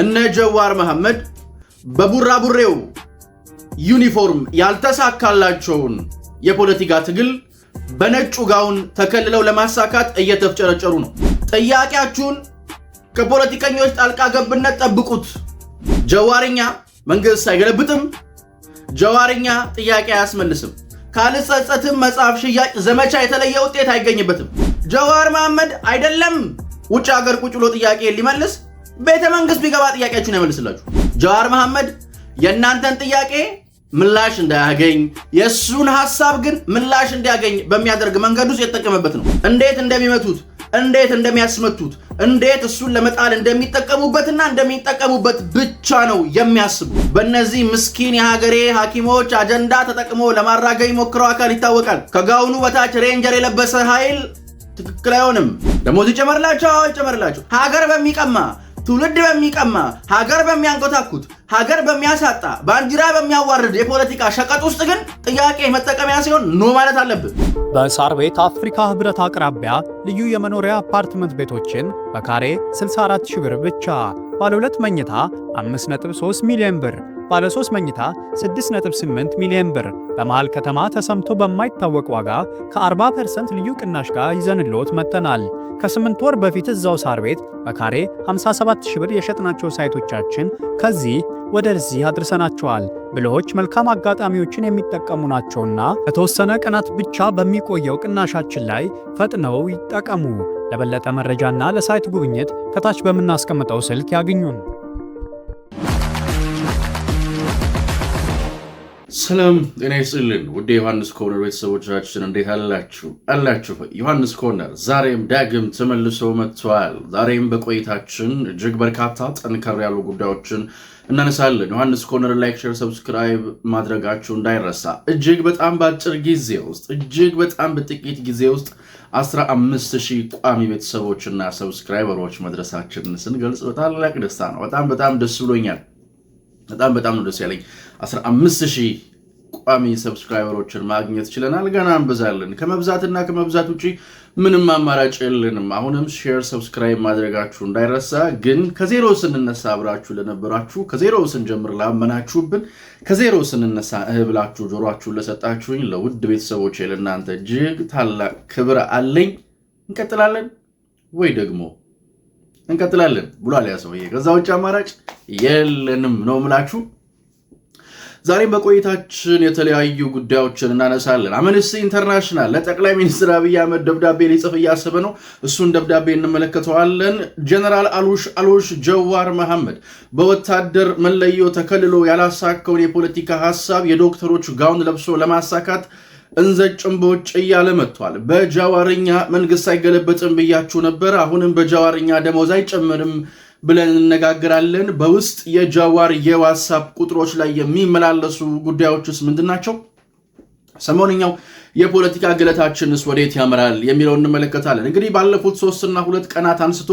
እነ ጀዋር መሐመድ በቡራቡሬው ዩኒፎርም ያልተሳካላቸውን የፖለቲካ ትግል በነጩ ጋውን ተከልለው ለማሳካት እየተፍጨረጨሩ ነው። ጥያቄያችሁን ከፖለቲከኞች ጣልቃ ገብነት ጠብቁት። ጀዋርኛ መንግስት አይገለብጥም። ጀዋርኛ ጥያቄ አያስመልስም። ካልጸጸትም መጽሐፍ ሽያጭ ዘመቻ የተለየ ውጤት አይገኝበትም። ጀዋር መሐመድ አይደለም ውጭ ሀገር ቁጭ ብሎ ጥያቄ ሊመልስ ቤተ መንግስት ቢገባ ጥያቄያችሁን ያመልስላችሁ። ጀዋር መሐመድ የእናንተን ጥያቄ ምላሽ እንዳያገኝ የእሱን ሀሳብ ግን ምላሽ እንዲያገኝ በሚያደርግ መንገድ ውስጥ የተጠቀመበት ነው። እንዴት እንደሚመቱት እንዴት እንደሚያስመቱት እንዴት እሱን ለመጣል እንደሚጠቀሙበትና እንደሚጠቀሙበት ብቻ ነው የሚያስቡ። በእነዚህ ምስኪን የሀገሬ ሐኪሞች አጀንዳ ተጠቅሞ ለማራገኝ ሞክረው አካል ይታወቃል። ከጋውኑ በታች ሬንጀር የለበሰ ኃይል ትክክል አይሆንም። ደሞዝ ይጨመርላቸው፣ ይጨመርላቸው ሀገር በሚቀማ ትውልድ በሚቀማ ሀገር በሚያንኮታኩት ሀገር በሚያሳጣ ባንዲራ በሚያዋርድ የፖለቲካ ሸቀጥ ውስጥ ግን ጥያቄ መጠቀሚያ ሲሆን ኖ ማለት አለብን። በሳር ቤት አፍሪካ ህብረት አቅራቢያ ልዩ የመኖሪያ አፓርትመንት ቤቶችን በካሬ 64 ሺህ ብር ብቻ ባለ ሁለት መኝታ 5.3 ሚሊዮን ብር ባለ 3 መኝታ 6.8 ሚሊዮን ብር በመሃል ከተማ ተሰምቶ በማይታወቅ ዋጋ ከ40% ልዩ ቅናሽ ጋር ይዘንልዎት መጥተናል። ከ8 ወር በፊት እዛው ሳር ቤት በካሬ 57000 ብር የሸጥናቸው ሳይቶቻችን ከዚህ ወደዚህ አድርሰናቸዋል። ብልሆች መልካም አጋጣሚዎችን የሚጠቀሙ ናቸውና ከተወሰነ ቀናት ብቻ በሚቆየው ቅናሻችን ላይ ፈጥነው ይጠቀሙ። ለበለጠ መረጃና ለሳይት ጉብኝት ከታች በምናስቀምጠው ስልክ ያግኙን። ሰላም ጤና ይስጥልን ውድ ዮሐንስ ኮርነር ቤተሰቦቻችን እንዴት አላችሁ አላችሁ? ዮሐንስ ኮርነር ዛሬም ዳግም ተመልሶ መጥተዋል። ዛሬም በቆይታችን እጅግ በርካታ ጠንከር ያሉ ጉዳዮችን እናነሳለን። ዮሐንስ ኮርነር ላይክ፣ ሼር፣ ሰብስክራይብ ማድረጋችሁ እንዳይረሳ። እጅግ በጣም በአጭር ጊዜ ውስጥ እጅግ በጣም በጥቂት ጊዜ ውስጥ 15000 ቋሚ ቤተሰቦችና ሰብስክራይበሮች መድረሳችንን ስንገልጽ በታላቅ ደስታ ነው። በጣም በጣም ደስ ብሎኛል። በጣም በጣም ነው ደስ ያለኝ። 15 ሺህ ቋሚ ሰብስክራይበሮችን ማግኘት ችለናል። ገና እንብዛለን ከመብዛትና ከመብዛት ውጭ ምንም አማራጭ የለንም። አሁንም ሼር፣ ሰብስክራይብ ማድረጋችሁ እንዳይረሳ። ግን ከዜሮ ስንነሳ አብራችሁ ለነበራችሁ፣ ከዜሮ ስንጀምር ላመናችሁብን፣ ከዜሮ ስንነሳ እህ ብላችሁ ጆሯችሁን ለሰጣችሁኝ ለውድ ቤተሰቦች ለእናንተ እጅግ ታላቅ ክብር አለኝ። እንቀጥላለን ወይ ደግሞ እንቀጥላለን ብሏል ያ ሰውዬ። ከዛ ውጭ አማራጭ የለንም ነው ምላችሁ። ዛሬም በቆይታችን የተለያዩ ጉዳዮችን እናነሳለን። አምነስቲ ኢንተርናሽናል ለጠቅላይ ሚኒስትር አብይ አህመድ ደብዳቤ ሊጽፍ እያሰበ ነው። እሱን ደብዳቤ እንመለከተዋለን። ጀነራል አሉሽ አሉሽ ጀዋር መሐመድ በወታደር መለዮ ተከልሎ ያላሳካውን የፖለቲካ ሀሳብ የዶክተሮች ጋውን ለብሶ ለማሳካት እንዘጭም በውጭ እያለ መጥቷል። በጃዋርኛ መንግስት አይገለበጥም ብያችሁ ነበር። አሁንም በጃዋርኛ ደሞዝ አይጨምርም ብለን እንነጋገራለን። በውስጥ የጃዋር የዋትሳፕ ቁጥሮች ላይ የሚመላለሱ ጉዳዮችስ ምንድን ናቸው? ሰሞንኛው የፖለቲካ ግለታችንስ ወዴት ያምራል የሚለውን እንመለከታለን። እንግዲህ ባለፉት ሶስትና ሁለት ቀናት አንስቶ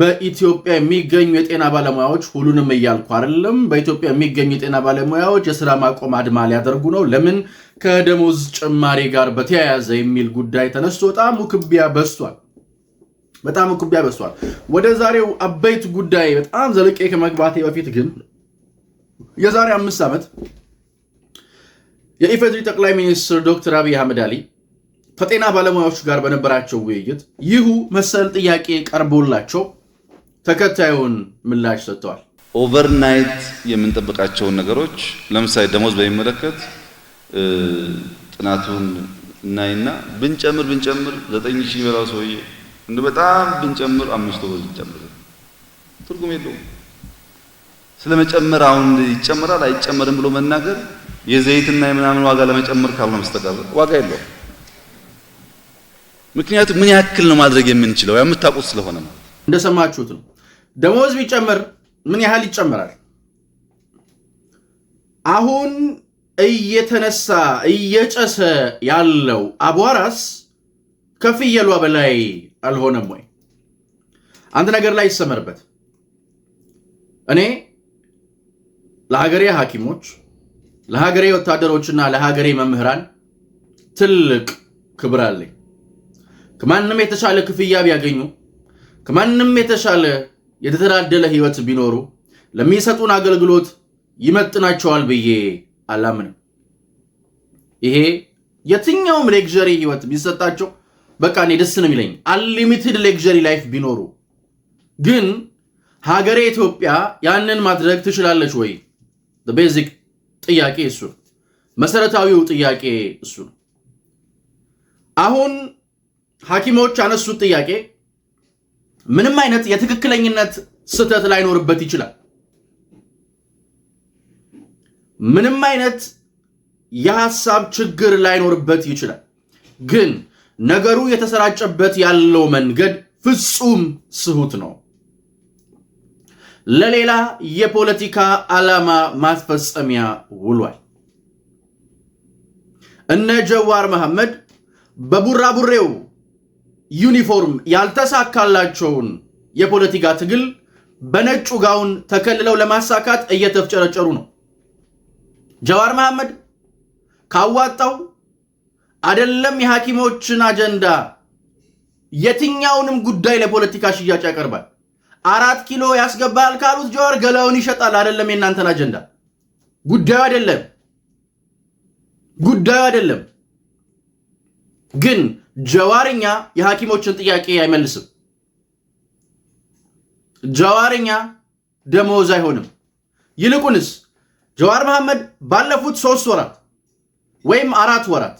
በኢትዮጵያ የሚገኙ የጤና ባለሙያዎች ሁሉንም እያልኩ አይደለም፣ በኢትዮጵያ የሚገኙ የጤና ባለሙያዎች የስራ ማቆም አድማ ሊያደርጉ ነው። ለምን? ከደሞዝ ጭማሪ ጋር በተያያዘ የሚል ጉዳይ ተነስቶ በጣም ውክቢያ በስቷል? በጣም ኩቢያ በሷል። ወደ ዛሬው አበይት ጉዳይ በጣም ዘልቄ ከመግባቴ በፊት ግን የዛሬ አምስት ዓመት የኢፌዴሪ ጠቅላይ ሚኒስትር ዶክተር አብይ አህመድ አሊ ከጤና ባለሙያዎች ጋር በነበራቸው ውይይት ይሁ መሰል ጥያቄ ቀርቦላቸው ተከታዩን ምላሽ ሰጥተዋል። ኦቨርናይት የምንጠብቃቸውን ነገሮች ለምሳሌ ደሞዝ በሚመለከት ጥናቱን እናይና ብንጨምር ብንጨምር ዘጠኝ ሺህ የሚበላው ሰውዬ እንደ በጣም ብንጨምር አምስት ወዝ ይጨምር ትርጉም የለውም። ስለመጨመር አሁን ይጨምራል አይጨመርም ብሎ መናገር የዘይትና የምናምን ዋጋ ለመጨመር ካልሆነ በስተቀር ዋጋ የለውም። ምክንያቱም ምን ያክል ነው ማድረግ የምንችለው የምታውቁት ስለሆነ ነው። እንደሰማችሁት ነው። ደሞዝ ቢጨመር ምን ያህል ይጨመራል? አሁን እየተነሳ እየጨሰ ያለው አቧራስ ከፍየሏ በላይ አልሆነም ወይ? አንድ ነገር ላይ ይሰመርበት። እኔ ለሀገሬ ሐኪሞች፣ ለሀገሬ ወታደሮችና ለሀገሬ መምህራን ትልቅ ክብር አለኝ። ከማንም የተሻለ ክፍያ ቢያገኙ፣ ከማንም የተሻለ የተደላደለ ህይወት ቢኖሩ ለሚሰጡን አገልግሎት ይመጥናቸዋል ብዬ አላምንም። ይሄ የትኛውም ሌግዠሪ ህይወት ቢሰጣቸው በቃ እኔ ደስ ነው የሚለኝ አንሊሚትድ ሌክዠሪ ላይፍ ቢኖሩ። ግን ሀገሬ ኢትዮጵያ ያንን ማድረግ ትችላለች ወይ? ቤዚክ ጥያቄ እሱ መሰረታዊው ጥያቄ እሱ ነው። አሁን ሐኪሞች ያነሱት ጥያቄ ምንም አይነት የትክክለኝነት ስህተት ላይኖርበት ይችላል። ምንም አይነት የሐሳብ ችግር ላይኖርበት ይችላል ግን ነገሩ የተሰራጨበት ያለው መንገድ ፍጹም ስሁት ነው። ለሌላ የፖለቲካ ዓላማ ማስፈጸሚያ ውሏል። እነ ጀዋር መሐመድ በቡራቡሬው ዩኒፎርም ያልተሳካላቸውን የፖለቲካ ትግል በነጩ ጋውን ተከልለው ለማሳካት እየተፍጨረጨሩ ነው። ጀዋር መሐመድ ካዋጣው አደለም የሐኪሞችን አጀንዳ የትኛውንም ጉዳይ ለፖለቲካ ሽያጭ ያቀርባል። አራት ኪሎ ያስገባል ካሉት ጀዋር ገላውን ይሸጣል። አደለም የእናንተን አጀንዳ ጉዳዩ አይደለም ጉዳዩ አይደለም። ግን ጀዋርኛ የሐኪሞችን ጥያቄ አይመልስም። ጀዋርኛ ደሞዝ አይሆንም። ይልቁንስ ጀዋር መሐመድ ባለፉት ሶስት ወራት ወይም አራት ወራት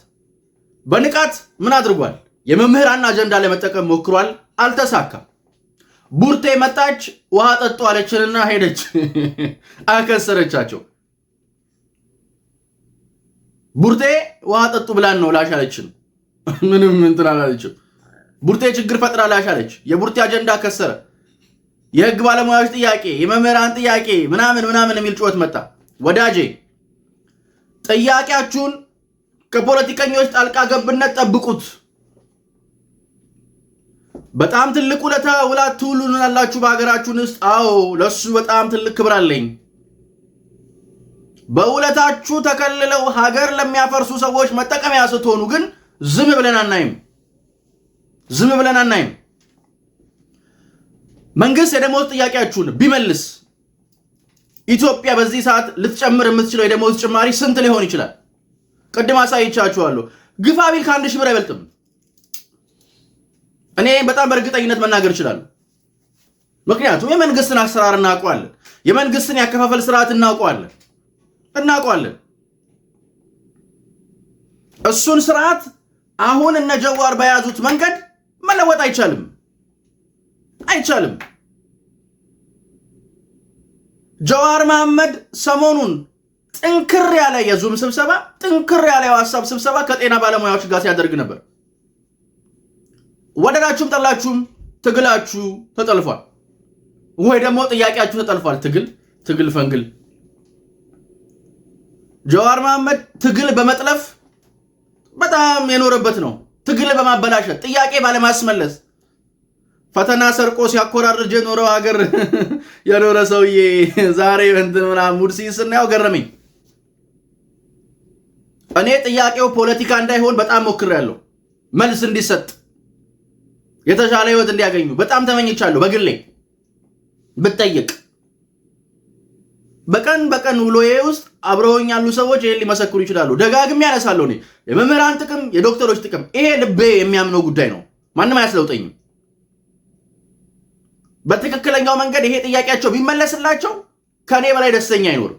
በንቃት ምን አድርጓል? የመምህራን አጀንዳ ለመጠቀም ሞክሯል። አልተሳካም። ቡርቴ መጣች፣ ውሃ ጠጡ አለችንና ሄደች፣ አከሰረቻቸው። ቡርቴ ውሃ ጠጡ ብላን ነው ላሽ አለችን። ምንም እንትን አላለችም። ቡርቴ ችግር ፈጥራ ላሽ አለች። የቡርቴ አጀንዳ ከሰረ። የህግ ባለሙያዎች ጥያቄ፣ የመምህራን ጥያቄ ምናምን ምናምን የሚል ጩኸት መጣ። ወዳጄ ጥያቄያችሁን ከፖለቲከኞች ጣልቃ ገብነት ጠብቁት። በጣም ትልቅ ውለታ ውላት ትውሉናላችሁ በሀገራችሁን ውስጥ። አዎ ለሱ በጣም ትልቅ ክብር አለኝ። በውለታችሁ ተከልለው ሀገር ለሚያፈርሱ ሰዎች መጠቀሚያ ስትሆኑ ግን ዝም ብለን አናይም፣ ዝም ብለን አናይም። መንግስት የደሞዝ ጥያቄያችሁን ቢመልስ ኢትዮጵያ በዚህ ሰዓት ልትጨምር የምትችለው የደሞዝ ጭማሪ ስንት ሊሆን ይችላል? ቅድም አሳይቻችኋለሁ። ግፋ ቢል ከአንድ ሺህ ብር አይበልጥም። እኔ በጣም በእርግጠኝነት መናገር እችላለሁ። ምክንያቱም የመንግስትን አሰራር እናውቀዋለን። የመንግስትን ያከፋፈል ስርዓት እናውቀዋለን እናውቀዋለን። እሱን ስርዓት አሁን እነ ጀዋር በያዙት መንገድ መለወጥ አይቻልም አይቻልም። ጀዋር መሐመድ ሰሞኑን ጥንክር ያለ የዙም ስብሰባ ጥንክር ያለ የዋሳብ ስብሰባ ከጤና ባለሙያዎች ጋር ሲያደርግ ነበር። ወደዳችሁም ጠላችሁም ትግላችሁ ተጠልፏል፣ ወይ ደግሞ ጥያቄያችሁ ተጠልፏል። ትግል ትግል ፈንግል ጀዋር መሐመድ ትግል በመጥለፍ በጣም የኖረበት ነው። ትግል በማበላሸት ጥያቄ ባለማስመለስ ፈተና ሰርቆ ሲያኮራርጅ የኖረው ሀገር የኖረ ሰውዬ ዛሬ እንትን ምናምን ሙድ ገረመኝ። እኔ ጥያቄው ፖለቲካ እንዳይሆን በጣም ሞክሬያለሁ። መልስ እንዲሰጥ የተሻለ ህይወት እንዲያገኙ በጣም ተመኝቻለሁ። በግሌ ብጠይቅ በቀን በቀን ውሎዬ ውስጥ አብረውኝ ያሉ ሰዎች ይህን ሊመሰክሩ ይችላሉ። ደጋግሜ ያነሳለሁ። እኔ የመምህራን ጥቅም፣ የዶክተሮች ጥቅም፣ ይሄ ልቤ የሚያምነው ጉዳይ ነው። ማንም አያስለውጠኝም። በትክክለኛው መንገድ ይሄ ጥያቄያቸው ቢመለስላቸው ከእኔ በላይ ደስተኛ አይኖርም።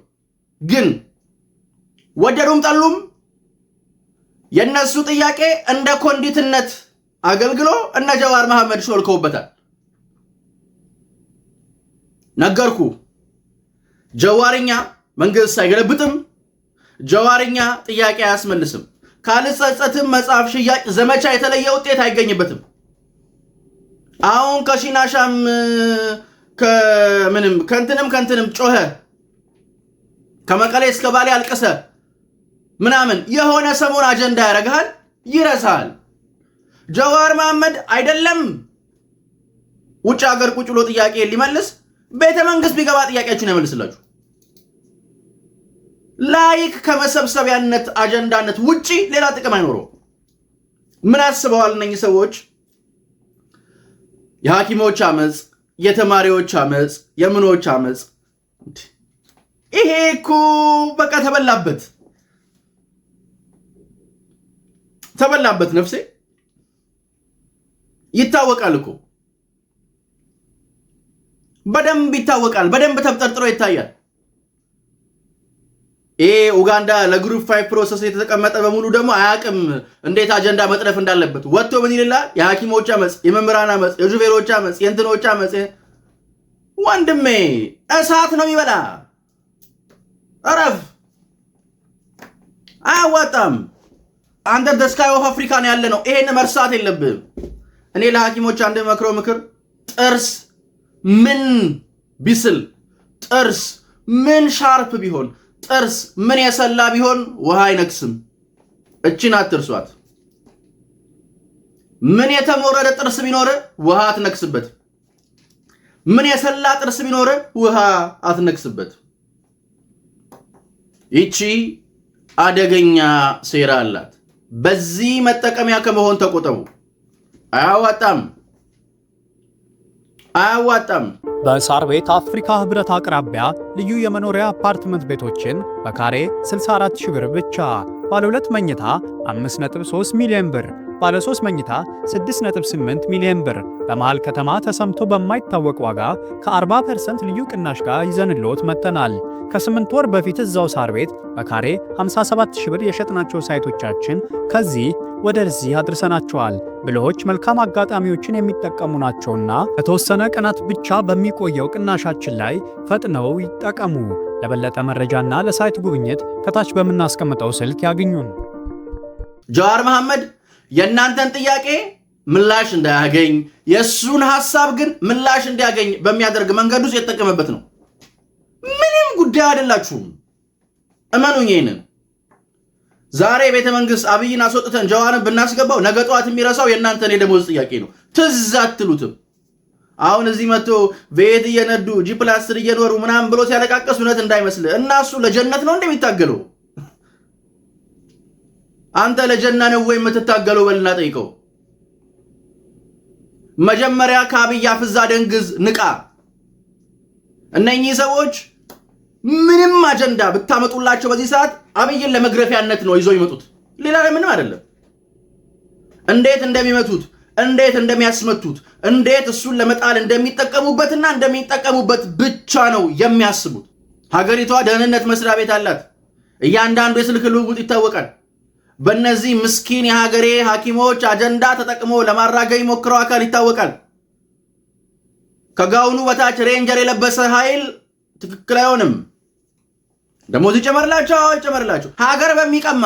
ግን ወደዱም ጠሉም የእነሱ ጥያቄ እንደ ኮንዲትነት አገልግሎ እነ ጀዋር መሐመድ ሾልከውበታል። ነገርኩ። ጀዋርኛ መንግስት አይገለብጥም። ጀዋርኛ ጥያቄ አያስመልስም። ካልጸጸትም መጽሐፍ ሽያጭ ዘመቻ የተለየ ውጤት አይገኝበትም። አሁን ከሺናሻም ከምንም ከንትንም ከንትንም ጮኸ፣ ከመቀሌ እስከ ባሌ አልቀሰ ምናምን የሆነ ሰሞን አጀንዳ ያደርግሃል፣ ይረሳል። ጀዋር መሐመድ አይደለም ውጭ ሀገር ቁጭ ብሎ ጥያቄ ሊመልስ ቤተ መንግስት ቢገባ ጥያቄያችሁን ያመልስላችሁ። ላይክ ከመሰብሰቢያነት አጀንዳነት ውጪ ሌላ ጥቅም አይኖረው። ምን አስበዋል እነኚህ ሰዎች? የሐኪሞች አመፅ፣ የተማሪዎች አመፅ፣ የምኖች አመፅ። ይሄ እኮ በቃ ተበላበት። ተበላበት ነፍሴ ይታወቃል እኮ በደንብ ይታወቃል። በደንብ ተብጠርጥሮ ይታያል። ይሄ ኡጋንዳ ለግሩፕ ፋይቭ ፕሮሰስ የተቀመጠ በሙሉ ደግሞ አያቅም እንዴት አጀንዳ መጥረፍ እንዳለበት ወጥቶ ምን ይልላል? የሐኪሞች አመፅ፣ የመምህራን አመፅ፣ የጁቬሮች አመፅ፣ የእንትኖች አመፅ። ወንድሜ እሳት ነው የሚበላ። እረፍ፣ አያዋጣም። አንደር ዘ ስካይ ኦፍ አፍሪካ ነው ያለ ነው። ይሄን መርሳት የለብህም። እኔ ለሐኪሞች አንድ መክረው ምክር ጥርስ ምን ቢስል፣ ጥርስ ምን ሻርፕ ቢሆን፣ ጥርስ ምን የሰላ ቢሆን ውሃ አይነክስም። እቺን አትርሷት። ምን የተሞረደ ጥርስ ቢኖር ውሃ አትነክስበት። ምን የሰላ ጥርስ ቢኖር ውሃ አትነክስበት። ይቺ አደገኛ ሴራ አላት። በዚህ መጠቀሚያ ከመሆን ተቆጠቡ። አያዋጣም። አያዋጣም። በሳር ቤት አፍሪካ ህብረት አቅራቢያ ልዩ የመኖሪያ አፓርትመንት ቤቶችን በካሬ 64 ሺህ ብር ብቻ፣ ባለ ሁለት መኝታ 5.3 ሚሊዮን ብር፣ ባለ 3 መኝታ 6.8 ሚሊዮን ብር በመሃል ከተማ ተሰምቶ በማይታወቅ ዋጋ ከ40% ልዩ ቅናሽ ጋር ይዘንልዎት መጥተናል። ከስምንት ወር በፊት እዛው ሳር ቤት በካሬ 57 ሺህ ብር የሸጥናቸው ሳይቶቻችን ከዚህ ወደዚህ አድርሰናቸዋል። ብልሆች መልካም አጋጣሚዎችን የሚጠቀሙ ናቸውና ከተወሰነ ቀናት ብቻ በሚቆየው ቅናሻችን ላይ ፈጥነው ይጠቀሙ። ለበለጠ መረጃና ለሳይት ጉብኝት ከታች በምናስቀምጠው ስልክ ያግኙን። ጀዋር መሐመድ የእናንተን ጥያቄ ምላሽ እንዳያገኝ የእሱን ሀሳብ ግን ምላሽ እንዲያገኝ በሚያደርግ መንገድ ውስጥ የተጠቀመበት ነው። ምንም ጉዳይ አይደላችሁም፣ እመኑኝ ይህንን ዛሬ ቤተ መንግስት አብይን አስወጥተን ጀዋርን ብናስገባው ነገ ጠዋት የሚረሳው የእናንተን የደሞዝ ጥያቄ ነው። ትዝ አትሉትም። አሁን እዚህ መጥቶ ቤት እየነዱ ጂፕላስትር እየኖሩ ምናምን ብሎ ሲያለቃቀስ እውነት እንዳይመስል እናሱ ለጀነት ነው እንደሚታገለው አንተ ለጀና ነው ወይ የምትታገለው? በልና ጠይቀው። መጀመሪያ ከአብይ አፍዛ ደንግዝ ንቃ። እነኚህ ሰዎች ምንም አጀንዳ ብታመጡላቸው በዚህ ሰዓት አብይን ለመግረፊያነት ነው ይዘው ይመጡት። ሌላ ላይ ምንም አይደለም። እንዴት እንደሚመቱት እንዴት እንደሚያስመቱት እንዴት እሱን ለመጣል እንደሚጠቀሙበትና እንደሚጠቀሙበት ብቻ ነው የሚያስቡት። ሀገሪቷ ደህንነት መስሪያ ቤት አላት። እያንዳንዱ የስልክ ልውውጥ ይታወቃል። በእነዚህ ምስኪን የሀገሬ ሐኪሞች አጀንዳ ተጠቅሞ ለማራገብ ሞክረው አካል ይታወቃል። ከጋውኑ በታች ሬንጀር የለበሰ ኃይል ትክክል አይሆንም። ደሞዝ ይጨመርላቸው ይጨመርላቸው። ሀገር በሚቀማ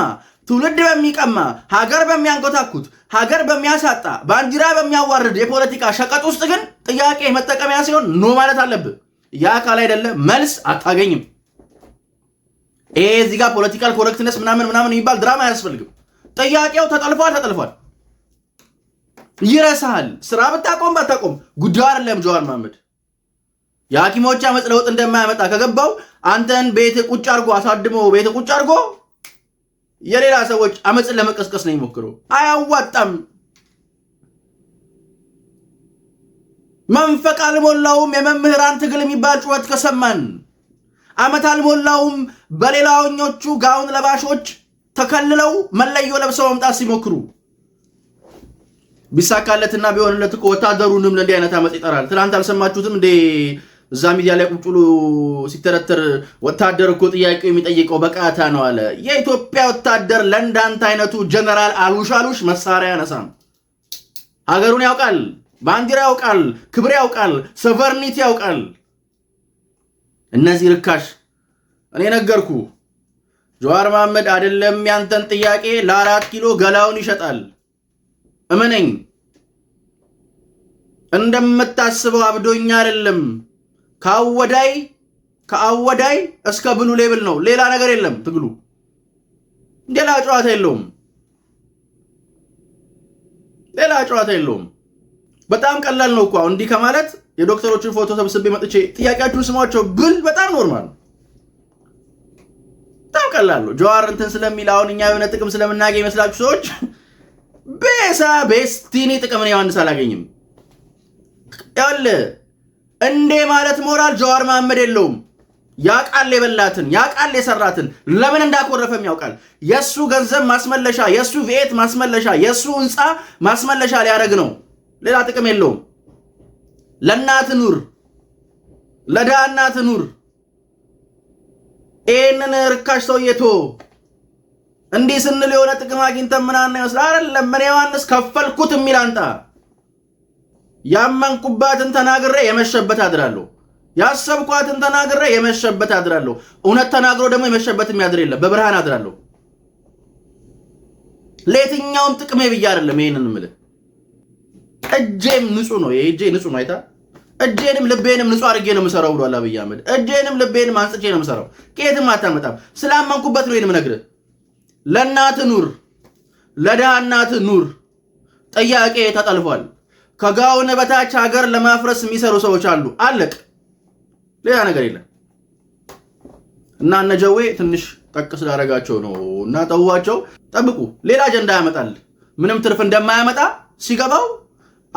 ትውልድ በሚቀማ ሀገር በሚያንኮታኩት ሀገር በሚያሳጣ ባንዲራ በሚያዋርድ የፖለቲካ ሸቀጥ ውስጥ ግን ጥያቄ መጠቀሚያ ሲሆን ኖ ማለት አለብህ። ያ አካል አይደለ መልስ አታገኝም። ይሄ እዚህ ጋር ፖለቲካል ኮረክትነስ ምናምን ምናምን የሚባል ድራማ አያስፈልግም። ጥያቄው ተጠልፏል ተጠልፏል። ይረሳሃል። ስራ ብታቆም ባታቆም ጉዳዩ አይደለም ጀዋር መሐመድ የሐኪሞች አመፅ ለውጥ እንደማያመጣ ከገባው አንተን ቤት ቁጭ አድርጎ አሳድሞ ቤት ቁጭ አድርጎ የሌላ ሰዎች አመፅን ለመቀስቀስ ነው የሚሞክረው። አያዋጣም። መንፈቅ አልሞላውም የመምህራን ትግል የሚባል ጩኸት ከሰማን አመት አልሞላውም በሌላኞቹ ጋውን ለባሾች ተከልለው መለዮ ለብሰው መምጣት ሲሞክሩ ቢሳካለትና ቢሆንለት እኮ ወታደሩንም ለእንዲህ አይነት አመፅ ይጠራል። ትናንት አልሰማችሁትም እንዴ? እዛ ሚዲያ ላይ ቁጭ ብሎ ሲተረተር ወታደር እኮ ጥያቄው የሚጠይቀው በቃታ ነው አለ። የኢትዮጵያ ወታደር ለእንዳንተ አይነቱ ጀነራል አሉሽ አሉሽ መሳሪያ ነው። ሀገሩን ያውቃል፣ ባንዲራ ያውቃል፣ ክብር ያውቃል፣ ሰቨርኒቲ ያውቃል። እነዚህ ርካሽ እኔ ነገርኩ። ጀዋር መሐመድ አይደለም ያንተን ጥያቄ ለአራት ኪሎ ገላውን ይሸጣል። እመነኝ፣ እንደምታስበው አብዶኛ አይደለም። ከአወዳይ ከአወዳይ እስከ ብሉ ሌብል ነው። ሌላ ነገር የለም። ትግሉ ሌላ ጨዋታ የለውም። ሌላ ጨዋታ የለውም። በጣም ቀላል ነው እኮ አሁን እንዲህ ከማለት የዶክተሮችን ፎቶ ሰብስቤ መጥቼ ጥያቄያችሁን ስማቸው ብል በጣም ኖርማል በጣም ቀላል ነው። ጀዋር እንትን ስለሚል አሁን እኛ የሆነ ጥቅም ስለምናገኝ ይመስላችሁ ሰዎች ቤሳ ቤስቲኒ ጥቅምን እኔ ዮሐንስ አላገኝም ያለ እንዴ ማለት ሞራል ጀዋር መሐመድ የለውም። ያቃል የበላትን ያቃል የሰራትን ለምን እንዳኮረፈም ያውቃል። የሱ ገንዘብ ማስመለሻ፣ የሱ ቪኤት ማስመለሻ፣ የሱ ህንፃ ማስመለሻ ሊያደርግ ነው። ሌላ ጥቅም የለውም። ለእናት ኑር፣ ለድሃ እናት ኑር። ይህንን ርካሽ ሰውዬቶ እንዲህ ስንል የሆነ ጥቅም አግኝተን ምናምን ይመስል አይደለም። እኔ ዮሐንስ ከፈልኩት የሚል አንጣ ያመንኩባትን ተናግሬ የመሸበት አድራለሁ። ያሰብኳትን ተናግሬ የመሸበት አድራለሁ። እውነት ተናግሮ ደግሞ የመሸበት የሚያድር የለም። በብርሃን አድራለሁ። ለየትኛውም ጥቅሜ ብዬ አይደለም ይሄንን የምልህ። እጄም ንጹህ ነው። የእጄ እጄ ንጹህ ነው። አይታ እጄንም ልቤንም ንጹህ አድርጌ ነው የምሰራው ብሏል አብይ አህመድ። እጄንም ልቤንም አንጽቼ ነው የምሰራው። ከየትም አታመጣም። ስላመንኩበት ነው ይሄን ነግርህ። ለእናት ኑር፣ ለድሃ እናት ኑር ጥያቄ ተጠልፏል። ከጋውን በታች ሀገር ለማፍረስ የሚሰሩ ሰዎች አሉ። አለቅ ሌላ ነገር የለም። እና እነ ጀዌ ትንሽ ጠቅስ ስላደረጋቸው ነው። እና ጠዋቸው ጠብቁ። ሌላ አጀንዳ ያመጣል። ምንም ትርፍ እንደማያመጣ ሲገባው፣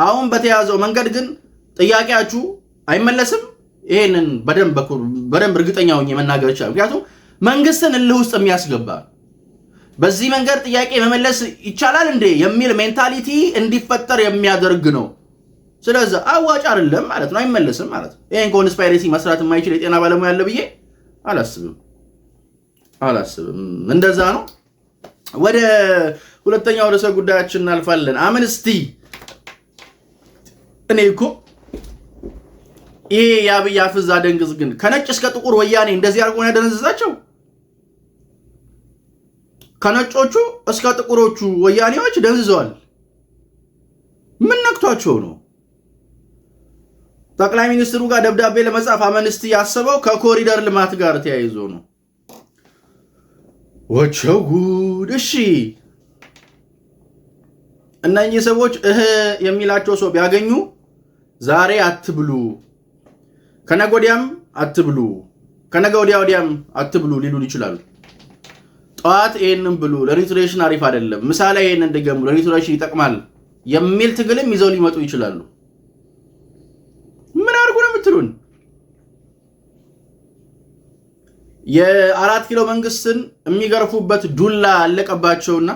አሁን በተያዘው መንገድ ግን ጥያቄያችሁ አይመለስም። ይሄንን በደንብ እርግጠኛ ሆኜ መናገር ምክንያቱም መንግስትን እልህ ውስጥ የሚያስገባ በዚህ መንገድ ጥያቄ መመለስ ይቻላል እንዴ የሚል ሜንታሊቲ እንዲፈጠር የሚያደርግ ነው። ስለዚህ አዋጭ አይደለም ማለት ነው፣ አይመለስም ማለት ነው። ይሄን ኮንስፓይሬሲ መስራት የማይችል የጤና ባለሙያ አለ ብዬ አላስብም አላስብም። እንደዛ ነው። ወደ ሁለተኛው ርዕሰ ጉዳያችን እናልፋለን። አምንስቲ እኔ እኮ ይሄ የአብይ አፍዝ አደንግዝ ግን ከነጭ እስከ ጥቁር ወያኔ እንደዚህ አድርጎ ያደነዘዛቸው ከነጮቹ እስከ ጥቁሮቹ ወያኔዎች ደንዝዘዋል። ምን ነክቷቸው ነው? ጠቅላይ ሚኒስትሩ ጋር ደብዳቤ ለመጻፍ አመንስት ያሰበው ከኮሪደር ልማት ጋር ተያይዞ ነው። ወቸው ጉድ! እሺ እነኚህ ሰዎች እህ የሚላቸው ሰው ቢያገኙ ዛሬ አትብሉ፣ ከነገ ወዲያም አትብሉ፣ ከነገ ወዲያ ወዲያም አትብሉ ሊሉን ይችላሉ። ጠዋት ይሄንን ብሉ፣ ለኒውትሪሽን አሪፍ አይደለም፣ ምሳ ላይ ይሄንን ድገሙ፣ ለኒውትሪሽን ይጠቅማል የሚል ትግልም ይዘው ሊመጡ ይችላሉ። ምን አድርጉ ነው የምትሉን? የአራት ኪሎ መንግስትን የሚገርፉበት ዱላ አለቀባቸውና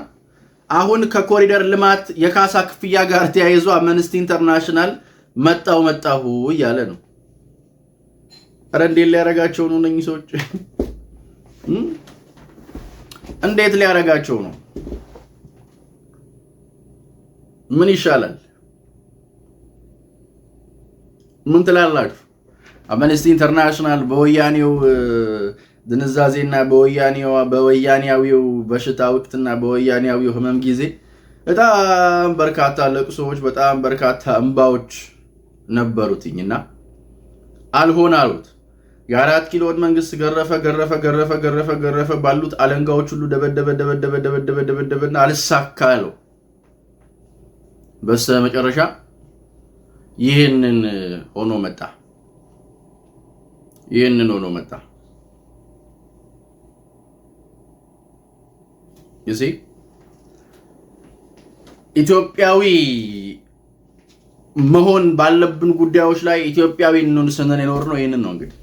አሁን ከኮሪደር ልማት የካሳ ክፍያ ጋር ተያይዞ አምነስቲ ኢንተርናሽናል መጣው መጣሁ እያለ ነው። ኧረ እንዴት ሊያደርጋቸው ነው እነኚህ ሰዎች? እንዴት ሊያደርጋቸው ነው? ምን ይሻላል? ምን ትላላችሁ? አምነስቲ ኢንተርናሽናል በወያኔው ድንዛዜና በወያኔዋ በወያኔያዊው በሽታ ወቅትና በወያኔያዊው ህመም ጊዜ በጣም በርካታ ለቅሶዎች፣ በጣም በርካታ እንባዎች ነበሩትኝና አልሆን አሉት። የአራት ኪሎን መንግስት ገረፈ ገረፈ ገረፈ ገረፈ ገረፈ ባሉት አለንጋዎች ሁሉ ደበደበ ደበደበ ደበደበ ደበደበና አልሳካ ያለው በስተ መጨረሻ ይህንን ሆኖ መጣ። ይህንን ሆኖ መጣ። ይህ ኢትዮጵያዊ መሆን ባለብን ጉዳዮች ላይ ኢትዮጵያዊ እንሆን የኖር ነው። ይህንን ነው እንግዲህ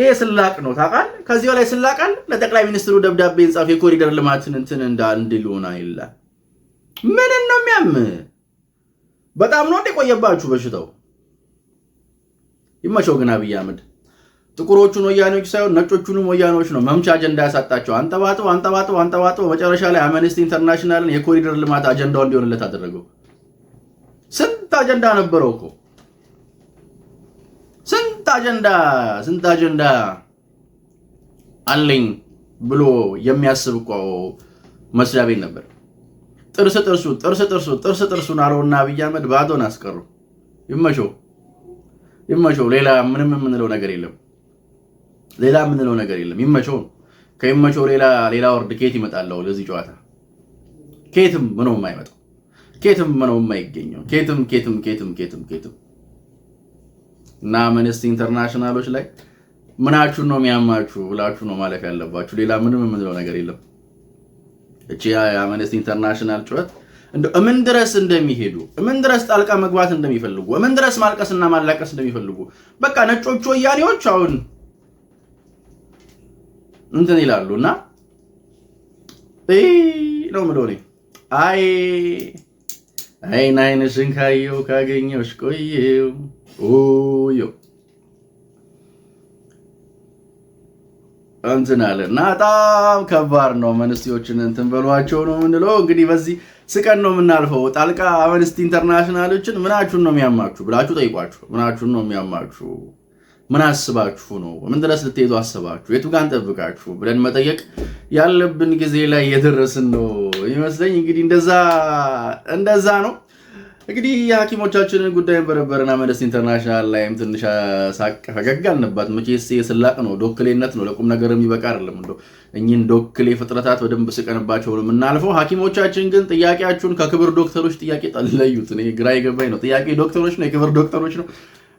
ይሄ ስላቅ ነው ታውቃለህ። ከዚህ በላይ ስላቃል። ለጠቅላይ ሚኒስትሩ ደብዳቤ እንጻፍ የኮሪደር ልማትን እንትን እንዳንድል ሆና ይላ ምንን ነው የሚያም በጣም ነው እንደቆየባችሁ በሽታው ይመቸው። ግን አብይ አህመድ ጥቁሮቹን ወያኔዎች ሳይሆን ነጮቹንም ወያኔዎች ነው መምቻ አጀንዳ ያሳጣቸው። አንጠባጥበው አንጠባጥበው አንጠባጥበው መጨረሻ ላይ አምነስቲ ኢንተርናሽናልን የኮሪደር ልማት አጀንዳው እንዲሆንለት አደረገው። ስንት አጀንዳ ነበረው እኮ ስንት አጀንዳ ስንት አጀንዳ አለኝ ብሎ የሚያስብ እኮ መስሪያ ቤት ነበር። ጥርስ ጥርሱ ጥርስ ጥርሱ ጥርስ ጥርሱን አለውና አብይ አህመድ ባዶን አስቀሩ። ይመቸው ይመቸው። ሌላ ምንም የምንለው ነገር የለም። ሌላ የምንለው ነገር የለም። ይመቸው ነው። ከይመቸው ሌላ ሌላ ወርድ ኬት ይመጣለው? ለዚህ ጨዋታ ኬትም ምነው የማይመጣው ኬትም ምነው የማይገኘው ኬትም ኬትም ኬትም ኬትም ኬትም እና አምነስቲ ኢንተርናሽናሎች ላይ ምናችሁን ነው የሚያማችሁ ብላችሁ ነው ማለፍ ያለባችሁ። ሌላ ምንም የምንለው ነገር የለም። እቺ የአምነስቲ ኢንተርናሽናል ጩኸት እምን ድረስ እንደሚሄዱ እምን ድረስ ጣልቃ መግባት እንደሚፈልጉ እምን ድረስ ማልቀስና ማላቀስ እንደሚፈልጉ በቃ ነጮቹ ወያኔዎች አሁን እንትን ይላሉ እና ነው ምለው እኔ አይ አይን አይንሽን ካየው ካገኘውሽ ቆየው እንትን አለ እና በጣም ከባድ ነው። አምነስቲዎችን እንትን በሏቸው ነው የምንለው። እንግዲህ በዚህ ስቀን ነው የምናልፈው። ጣልቃ አምነስቲ ኢንተርናሽናሎችን ምናችሁን ነው የሚያማችሁ ብላችሁ ጠይቋችሁ። ምናችሁን ነው የሚያማችሁ? ምን አስባችሁ ነው? ምን ድረስ ልትሄዱ አስባችሁ? የቱ ጋር እንጠብቃችሁ ብለን መጠየቅ ያለብን ጊዜ ላይ የደረስን ነው ይመስለኝ። እንግዲህ እንደዛ ነው። እንግዲህ የሐኪሞቻችንን ጉዳይ በረበረና መደስ ኢንተርናሽናል ላይም ትንሽ ሳቅ ፈገግ አልንባት። መቼስ የስላቅ ነው ዶክሌነት ነው ለቁም ነገር የሚበቃ አይደለም። እንደው እኚህን ዶክሌ ፍጥረታት በደንብ ስቀንባቸው ነው የምናልፈው። ሐኪሞቻችን ግን ጥያቄያችሁን ከክብር ዶክተሮች ጥያቄ ጠለዩት። እኔ ግራ የገባኝ ነው ጥያቄ ዶክተሮች ነው የክብር ዶክተሮች ነው።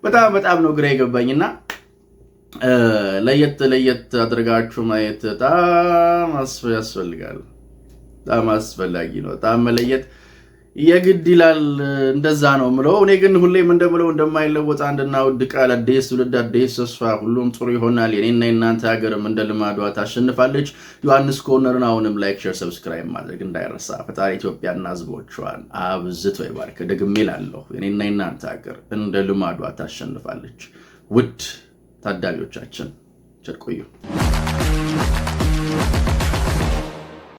በጣም በጣም ነው ግራ የገባኝ እና ለየት ለየት አድርጋችሁ ማየት በጣም ያስፈልጋል። በጣም አስፈላጊ ነው። በጣም መለየት የግድ ይላል። እንደዛ ነው ምለው። እኔ ግን ሁሌም እንደምለው እንደማይለወጥ አንድና ውድ ቃል አዲስ ትውልድ አዲስ ተስፋ፣ ሁሉም ጥሩ ይሆናል። የኔና የናንተ ሀገርም እንደ ልማዷ ታሸንፋለች። ዮሐንስ ኮርነርን አሁንም ላይክ፣ ሼር፣ ሰብስክራይብ ማድረግ እንዳይረሳ። ፈጣሪ ኢትዮጵያና ሕዝቦቿን አብዝቶ ይባርክ። ደግሜ እላለሁ የኔና የናንተ ሀገር እንደ ልማዷ ታሸንፋለች። ውድ ታዳሚዎቻችን ቸር ቆዩ።